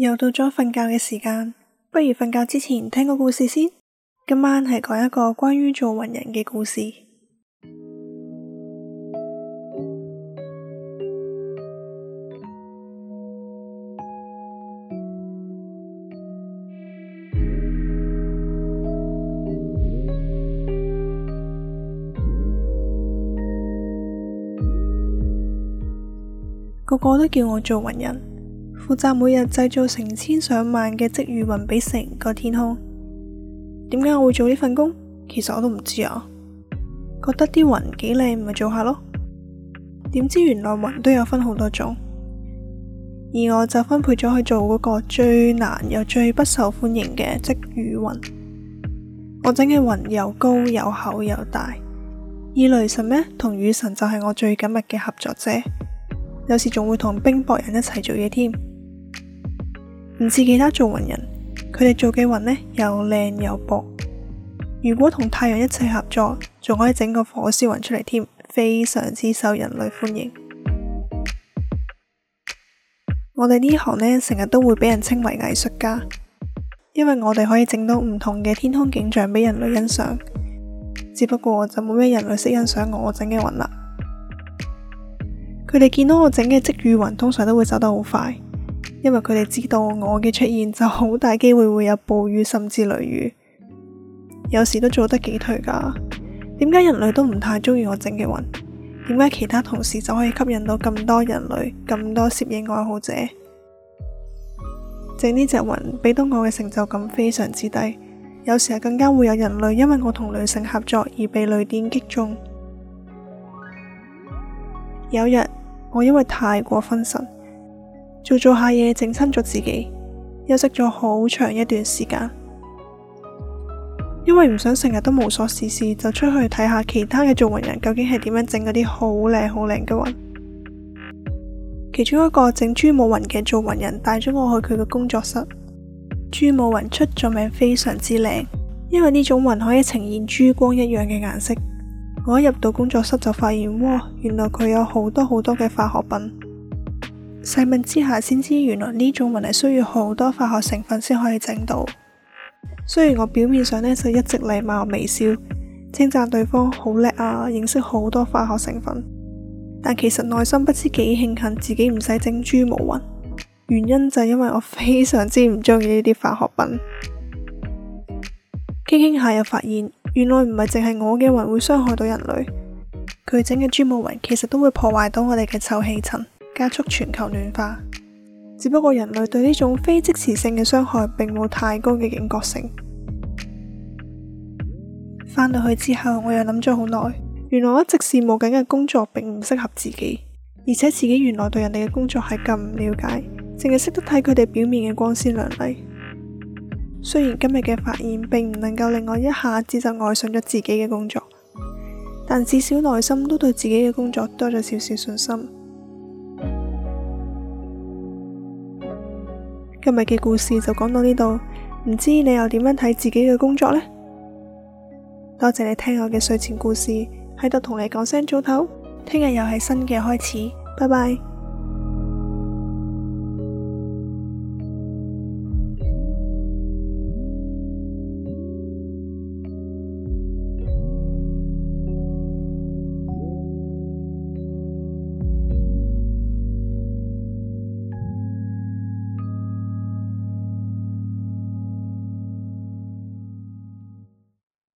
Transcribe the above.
又到咗瞓覺嘅時間，不如瞓覺之前聽個故事先。今晚係講一個關於造雲人嘅故事。 個個都叫我造雲人。負責每日製造成千上萬嘅積雨雲俾成個天空。點解我會做呢份工？其實我都唔知啊。覺得啲雲幾靚，咪做下咯。點知原來雲都有分好多種，而我就分配咗去做嗰個最難又最不受歡迎嘅積雨雲。我整嘅雲又高又厚又大，而雷神呢，同雨神就係我最緊密嘅合作者，有時仲會同冰雹人一齊做嘢添。唔似其他做雲人，佢哋做嘅雲呢又靚又薄。如果同太陽一齊合作，仲可以整個火燒雲出嚟添，非常之受人類歡迎。 我哋呢行呢，成日都會俾人稱為藝術家，因為我哋可以整到唔同嘅天空景象俾人類欣賞。只不過就冇咩人類識欣賞我整嘅雲啦。佢哋見到我整嘅積雨雲，通常都會走得好快。因為佢哋知道我嘅出現，就好大機會會有暴雨甚至雷雨，有時都做得幾頹噶。點解人類都唔太中意我整嘅雲？點解其他同事就可以吸引到咁多人類、咁多攝影愛好者？整呢隻雲俾到我嘅成就感非常之低，有時係更加會有人類因為我同雷神合作而被雷電擊中。有日我因為太過分神。做做下嘢，整親咗自己，休息咗好長一段時間，因為唔想成日都無所事事，就出去睇下其他嘅造雲人究竟係點樣整嗰啲好靚好靚嘅雲。其中一個整珠母雲嘅造雲人帶咗我去佢嘅工作室，珠母雲出咗名非常之靚，因為呢種雲可以呈現珠光一樣嘅顏色。我一入到工作室就發現，哇、哦，原來佢有好多好多嘅化學品。細問之下先知，原來呢種雲係需要好多化學成分先可以整到。雖然我表面上呢就一直禮貌微笑，稱讚對方好叻啊，認識好多化學成分，但其實內心不知幾慶幸自己唔使整珠母雲。原因就係因為我非常之唔中意呢啲化學品。傾傾下又發現，原來唔係淨係我嘅雲會傷害到人類，佢整嘅珠母雲其實都會破壞到我哋嘅臭氣層。加速全球暖化，只不過人類對呢種非即時性嘅傷害並冇太高嘅警覺性。返到去之後，我又諗咗好耐，原來一直羨慕緊嘅工作並唔適合自己，而且自己原來對人哋嘅工作係咁唔了解，淨係識得睇佢哋表面嘅光鮮亮麗。雖然今日嘅發現並唔能夠令我一下子就愛上咗自己嘅工作，但至少內心都對自己嘅工作多咗少少信心。今日嘅故事就講到呢度，唔知你又點樣睇自己嘅工作呢？多謝你聽我嘅睡前故事，喺度同你講聲早唞，聽日又係新嘅開始，拜拜。